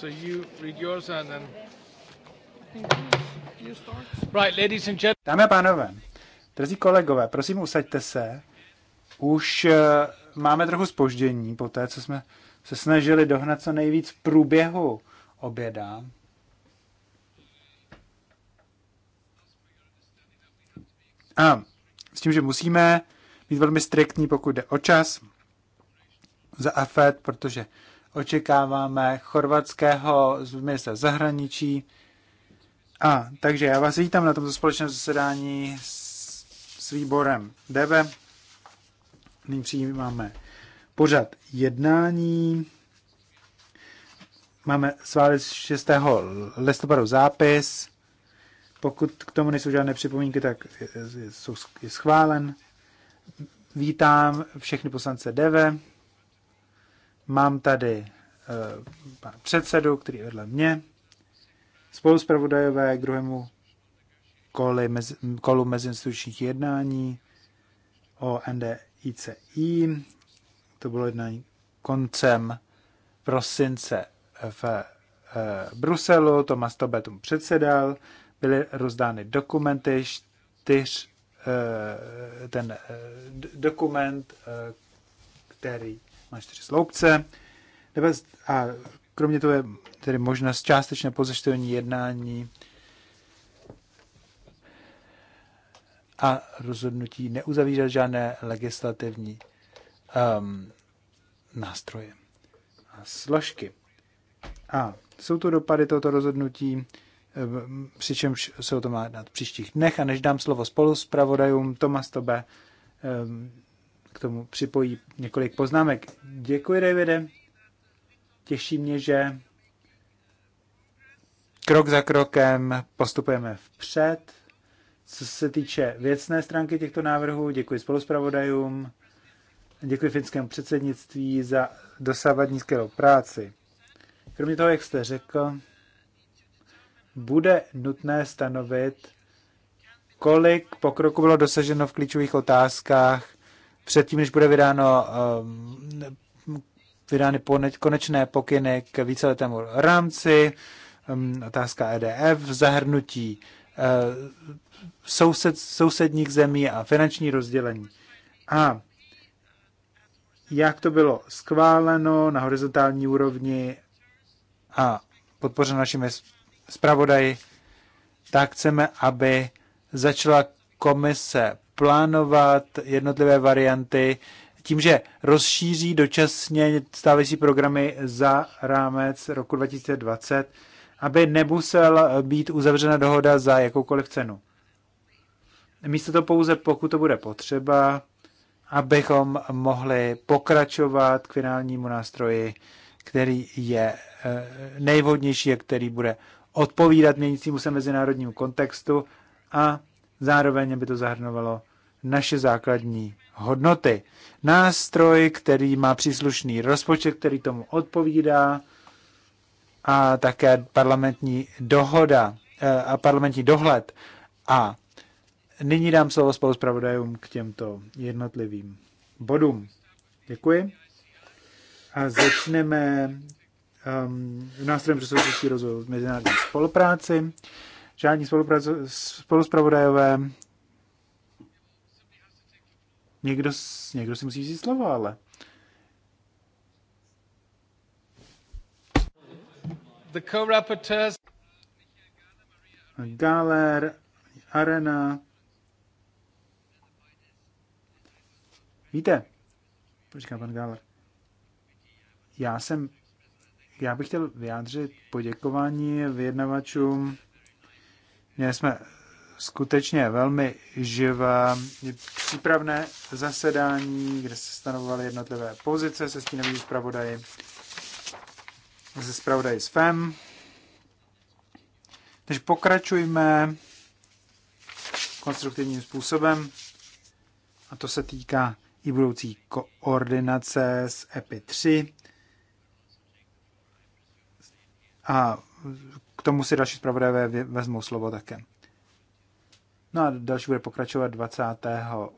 So you read yours and then... Right, ladies and gentlemen. Dámy a pánové, drzí kolegové, prosím usaďte se. Už eh, máme trochu spoždění po té, co jsme se snažili dohnat co nejvíc v průběhu oběda. A s tím, že musíme být velmi striktní, pokud jde o čas za AFED, protože očekáváme chorvatského města zahraničí. A takže já vás vítám na tomto společném zasedání s, s výborem DEVE. Nyní přijímáme pořad jednání. Máme sválit 6. listopadu zápis. Pokud k tomu nejsou žádné připomínky, tak je, je, je schválen. Vítám všechny poslance DEVE. Mám tady uh, pana předsedu, který je vedle mě, spoluzpravodajové k druhému koli mezi, kolu mezinstitučních jednání o NDICI. To bylo jednání koncem prosince v uh, Bruselu, Tomas Tobe tomu předsedal, byly rozdány dokumenty, čtyř, uh, ten uh, dokument, který má čtyři sloupce. A kromě toho je tedy možnost částečné pozaštění jednání a rozhodnutí neuzavírat žádné legislativní um, nástroje a složky. A jsou to dopady tohoto rozhodnutí, um, přičemž se o tom má dát v příštích dnech. A než dám slovo spolu s pravodajům Tomas Tobe, um, k tomu připojí několik poznámek. Děkuji, Davide. Těší mě, že krok za krokem postupujeme vpřed. Co se týče věcné stránky těchto návrhů, děkuji spoluspravodajům, děkuji finskému předsednictví za dosávat nízkého práci. Kromě toho, jak jste řekl, bude nutné stanovit, kolik pokroku bylo dosaženo v klíčových otázkách předtím, než bude vydáno um, vydány konečné pokyny k víceletému rámci, um, otázka EDF, zahrnutí uh, soused, sousedních zemí a finanční rozdělení. A jak to bylo schváleno na horizontální úrovni a podpořeno našimi zpravodaji, tak chceme, aby začala komise plánovat jednotlivé varianty tím, že rozšíří dočasně stávající programy za rámec roku 2020, aby nemusel být uzavřena dohoda za jakoukoliv cenu. Místo to pouze, pokud to bude potřeba, abychom mohli pokračovat k finálnímu nástroji, který je eh, nejvhodnější a který bude odpovídat měnícímu se mezinárodnímu kontextu a zároveň by to zahrnovalo naše základní hodnoty. Nástroj, který má příslušný rozpočet, který tomu odpovídá, a také parlamentní dohoda eh, a parlamentní dohled. A nyní dám slovo spoluzpravodajům k těmto jednotlivým bodům. Děkuji. A začneme um, nástrojem pro rozvoj v mezinárodní spolupráci. Žádní spolupráci, spoluzpravodajové Někdo, někdo si musí říct slovo, ale... The co-rapporteurs... Galer, Arena. Víte, počká pan Galer, já jsem, já bych chtěl vyjádřit poděkování vyjednavačům. Měli jsme skutečně velmi živé přípravné zasedání, kde se stanovovaly jednotlivé pozice se stínovými zpravodaji, se zpravodaji s FEM. Takže pokračujme konstruktivním způsobem a to se týká i budoucí koordinace s EPI 3 a k tomu si další zpravodajové vezmou slovo také. No a další bude pokračovat 20.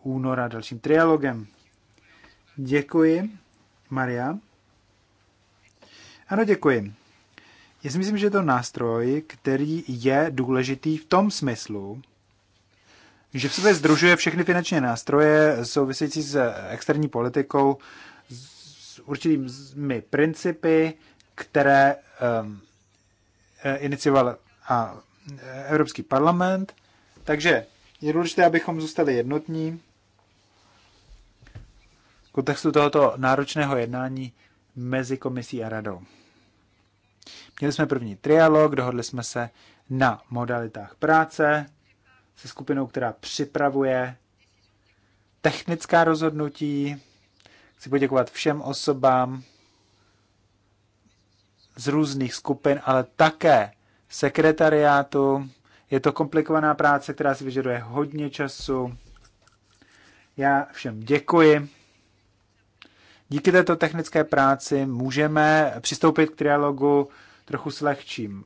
února dalším trialogem. Děkuji, Maria. Ano, děkuji. Já si myslím, že je to nástroj, který je důležitý v tom smyslu, že v sobě združuje všechny finanční nástroje související s externí politikou, s určitými principy, které um, inicioval a e, Evropský parlament takže je důležité, abychom zůstali jednotní. V kontextu tohoto náročného jednání mezi komisí a radou. Měli jsme první trialog, dohodli jsme se na modalitách práce se skupinou, která připravuje technická rozhodnutí. Chci poděkovat všem osobám z různých skupin, ale také sekretariátu, je to komplikovaná práce, která si vyžaduje hodně času. Já všem děkuji. Díky této technické práci můžeme přistoupit k trialogu trochu s lehčím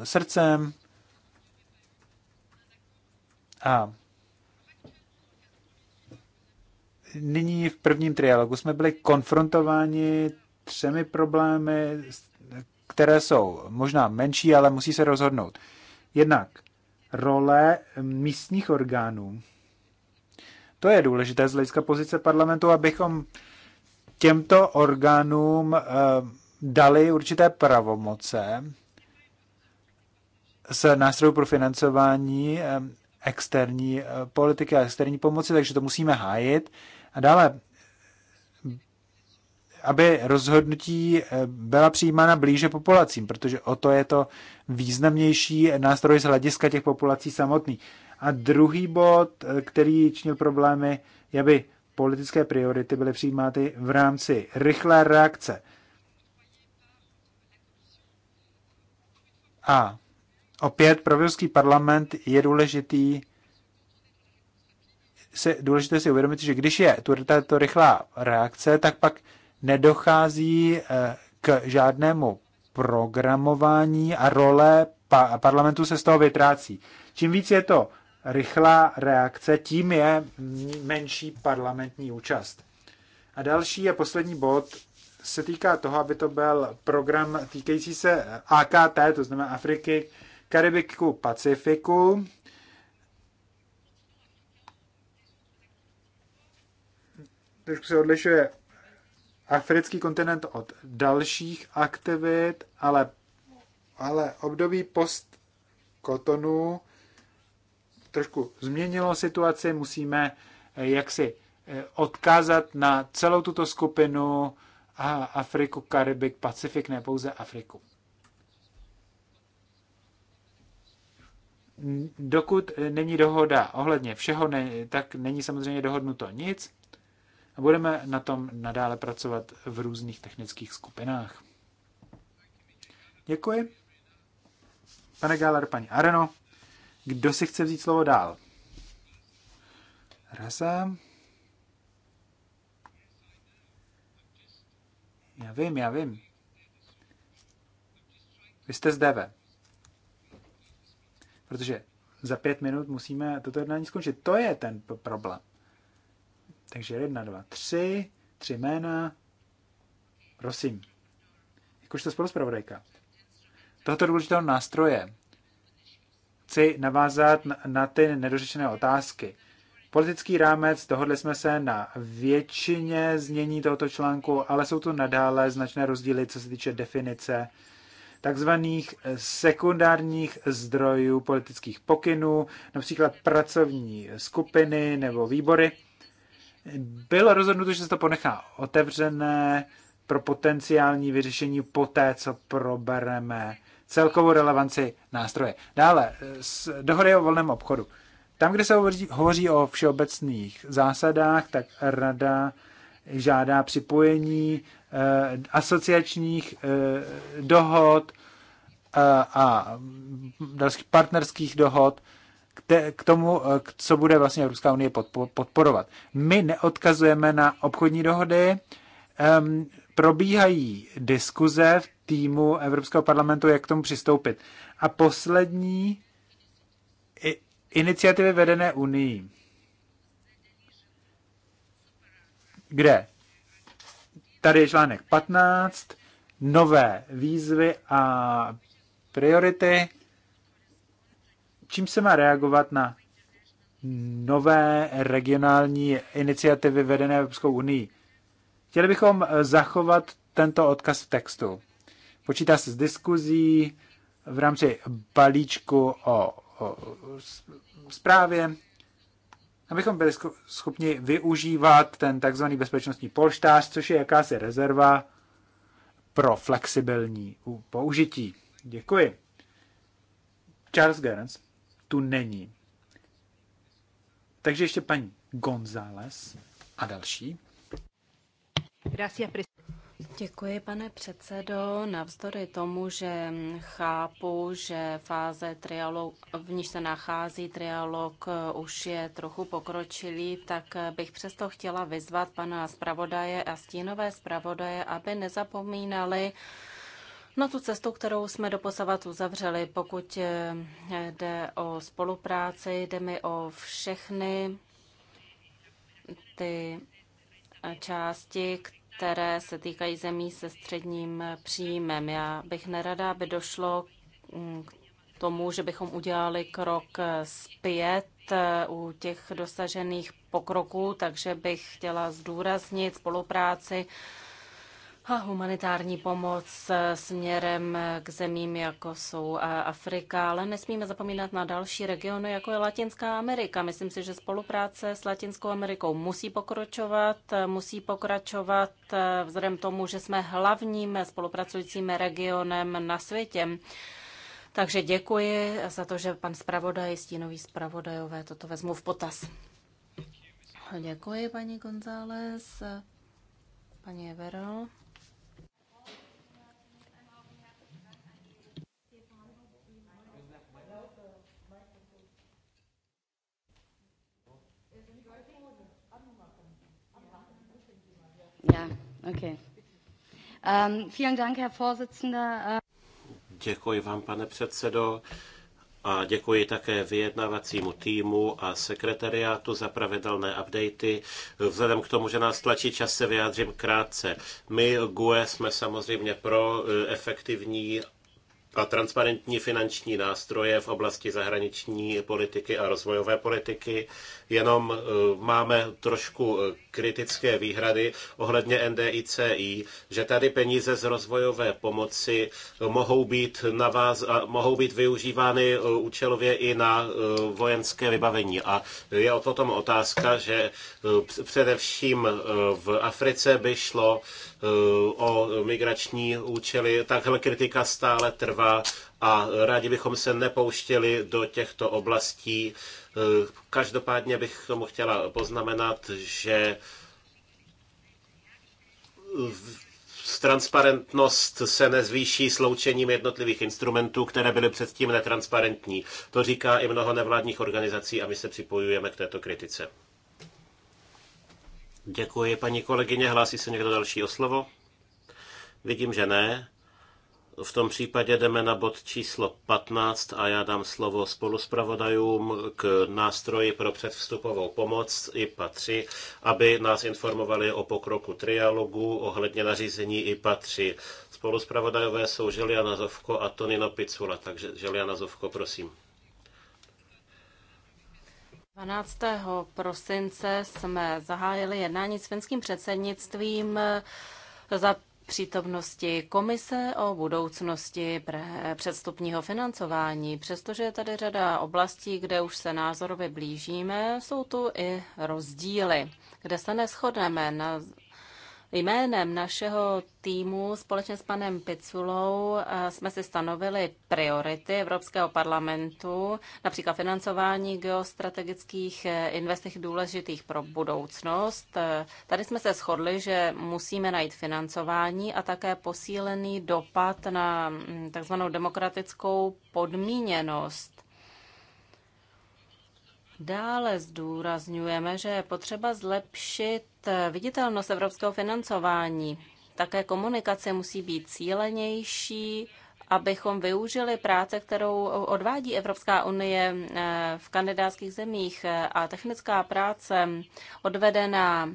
eh, srdcem. A nyní v prvním trialogu jsme byli konfrontováni třemi problémy, které jsou možná menší, ale musí se rozhodnout. Jednak role místních orgánů. To je důležité z hlediska pozice parlamentu, abychom těmto orgánům eh, dali určité pravomoce z nástrojů pro financování eh, externí eh, politiky a externí pomoci, takže to musíme hájit. A dále aby rozhodnutí eh, byla přijímána blíže populacím, protože o to je to významnější nástroj z hlediska těch populací samotných. A druhý bod, eh, který činil problémy, je, aby politické priority byly přijímány v rámci rychlé reakce. A opět pro parlament je důležitý se, důležité si uvědomit, že když je to, to rychlá reakce, tak pak nedochází eh, k žádnému programování a role parlamentu se z toho vytrácí. Čím víc je to rychlá reakce, tím je menší parlamentní účast. A další a poslední bod se týká toho, aby to byl program týkající se AKT, to znamená Afriky, Karibiku, Pacifiku. Trošku se odlišuje africký kontinent od dalších aktivit, ale, ale období post kotonu trošku změnilo situaci, musíme eh, jaksi eh, odkázat na celou tuto skupinu a Afriku, Karibik, Pacifik, ne pouze Afriku. Dokud eh, není dohoda ohledně všeho, ne, tak není samozřejmě dohodnuto nic. A budeme na tom nadále pracovat v různých technických skupinách. Děkuji. Pane Galer, paní Areno, kdo si chce vzít slovo dál? Rasa. Já vím, já vím. Vy jste z DV. Protože za pět minut musíme toto jednání skončit. To je ten problém. Takže jedna, dva, tři, tři jména. Prosím. spolu zpravodajka. Tohoto důležitého nástroje chci navázat na ty nedořešené otázky. Politický rámec, dohodli jsme se na většině znění tohoto článku, ale jsou tu nadále značné rozdíly, co se týče definice takzvaných sekundárních zdrojů politických pokynů, například pracovní skupiny nebo výbory. Bylo rozhodnuto, že se to ponechá otevřené pro potenciální vyřešení poté, co probereme celkovou relevanci nástroje. Dále, dohody o volném obchodu. Tam, kde se hovoří, hovoří o všeobecných zásadách, tak rada žádá připojení eh, asociačních eh, dohod eh, a dalších partnerských dohod eh, k tomu, eh, co bude vlastně Evropská unie podporovat. My neodkazujeme na obchodní dohody, um, probíhají diskuze v týmu Evropského parlamentu, jak k tomu přistoupit. A poslední iniciativy vedené Unii. Kde? Tady je článek 15, nové výzvy a priority čím se má reagovat na nové regionální iniciativy vedené Evropskou unii. Chtěli bychom eh, zachovat tento odkaz v textu. Počítá se s diskuzí v rámci balíčku o, o zprávě, abychom byli schopni využívat ten takzvaný bezpečnostní polštář, což je jakási rezerva pro flexibilní použití. Děkuji. Charles Gerns tu není. Takže ještě paní González a další. Děkuji, pane předsedo. Navzdory tomu, že chápu, že fáze trialog, v níž se nachází trialog, eh, už je trochu pokročilý, tak eh, bych přesto chtěla vyzvat pana zpravodaje a stínové zpravodaje, aby nezapomínali No tu cestu, kterou jsme doposavat uzavřeli. Pokud jde o spolupráci, jde mi o všechny ty části, které se týkají zemí se středním příjmem. Já bych nerada, aby došlo k tomu, že bychom udělali krok zpět u těch dosažených pokroků, takže bych chtěla zdůraznit spolupráci a humanitární pomoc eh, směrem eh, k zemím, jako jsou eh, Afrika, ale nesmíme zapomínat na další regiony, jako je Latinská Amerika. Myslím si, že spolupráce s Latinskou Amerikou musí pokračovat, musí pokračovat vzhledem tomu, že jsme hlavním spolupracujícím regionem na světě. Takže děkuji za to, že pan zpravodaj, stínový zpravodajové, toto vezmu v potaz. Děkuji, paní González. Paní Evero. okay. um, vielen Dank, Herr Vorsitzender. Děkuji vám, pane předsedo. A děkuji také vyjednavacímu týmu a sekretariátu za pravidelné updaty. Vzhledem k tomu, že nás tlačí čas, se vyjádřím krátce. My GUE jsme samozřejmě pro e, efektivní a transparentní finanční nástroje v oblasti zahraniční politiky a rozvojové politiky, jenom e, máme trošku e, kritické výhrady ohledně NDICI, že tady peníze z rozvojové pomoci e, mohou být, na vás mohou být využívány účelově i na vojenské vybavení. A je o tom otázka, že především v Africe by šlo o migrační účely. Takhle kritika stále trvá pomáhá a rádi bychom se nepouštěli do těchto oblastí. E, každopádně bych k tomu chtěla poznamenat, že transparentnost se nezvýší sloučením jednotlivých instrumentů, které byly předtím netransparentní. To říká i mnoho nevládních organizací a my se připojujeme k této kritice. Děkuji, paní kolegyně. Hlásí se někdo další o slovo? Vidím, že ne. V tom případě jdeme na bod číslo 15 a já dám slovo spoluspravodajům k nástroji pro předvstupovou pomoc IPA 3, aby nás informovali o pokroku trialogu ohledně nařízení IPA 3. Spoluspravodajové jsou Želiana Zovko a Tonino Picula, takže Želiana Zovko, prosím. 12. prosince jsme zahájili jednání s finským předsednictvím za přítomnosti Komise o budoucnosti předstupního financování. Přestože je tady řada oblastí, kde už se názorově blížíme, jsou tu i rozdíly, kde se neschodneme na Jménem našeho týmu společně s panem Piculou eh, jsme si stanovili priority Evropského parlamentu, například financování geostrategických eh, investic důležitých pro budoucnost. Eh, tady jsme se shodli, že musíme najít financování a také posílený dopad na mm, takzvanou demokratickou podmíněnost. Dále zdůrazňujeme, že je potřeba zlepšit eh, viditelnost evropského financování. Také komunikace musí být cílenější, abychom využili práce, kterou odvádí Evropská unie eh, v kandidátských zemích a technická práce odvedená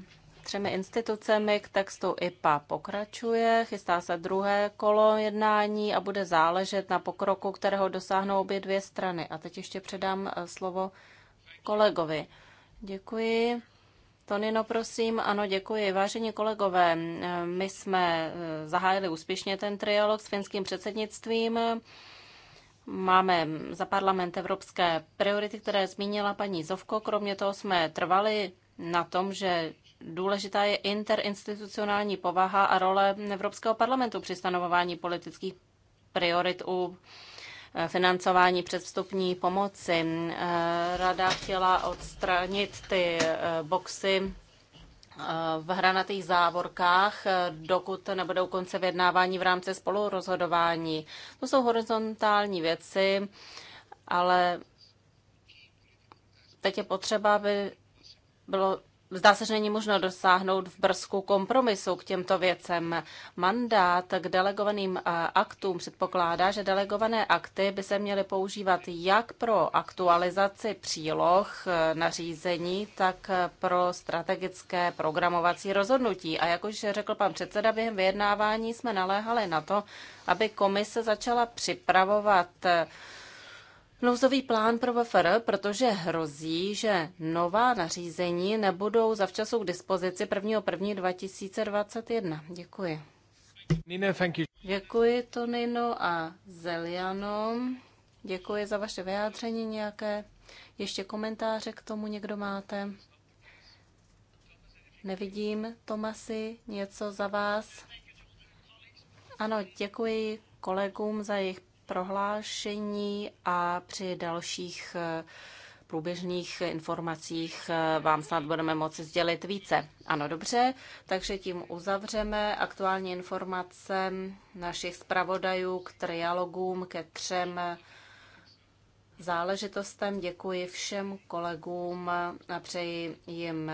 třemi institucemi k textu IPA pokračuje, chystá se druhé kolo jednání a bude záležet na pokroku, kterého dosáhnou obě dvě strany. A teď ještě předám eh, slovo kolegovi. Děkuji. Tonino, prosím. Ano, děkuji. Vážení kolegové, my jsme eh, zahájili úspěšně ten trialog s finským předsednictvím. Máme za parlament evropské priority, které zmínila paní Zovko. Kromě toho jsme trvali na tom, že důležitá je interinstitucionální povaha a role Evropského parlamentu při stanovování politických priorit u Eh, financování předvstupní pomoci. Eh, Rada chtěla odstranit ty eh, boxy v hranatých závorkách, dokud nebudou konce vyjednávání v rámci spolurozhodování. To jsou horizontální věci, ale teď je potřeba, aby bylo Zdá se, že není možno dosáhnout v Brzku kompromisu k těmto věcem. Mandát k delegovaným eh, aktům předpokládá, že delegované akty by se měly používat jak pro aktualizaci příloh eh, nařízení, tak eh, pro strategické programovací rozhodnutí. A jak už řekl pan předseda, během vyjednávání jsme naléhali na to, aby komise začala připravovat nouzový plán pro VFR, protože hrozí, že nová nařízení nebudou včasou k dispozici 1.1.2021. Děkuji. Nina, thank you. Děkuji, Tonino a Zeliano. Děkuji za vaše vyjádření nějaké. Ještě komentáře k tomu někdo máte? Nevidím, Tomasi, něco za vás? Ano, děkuji kolegům za jejich prohlášení a při dalších eh, průběžných informacích eh, vám snad budeme moci sdělit více. Ano, dobře, takže tím uzavřeme aktuální informace našich zpravodajů k trialogům, ke třem záležitostem. Děkuji všem kolegům a přeji jim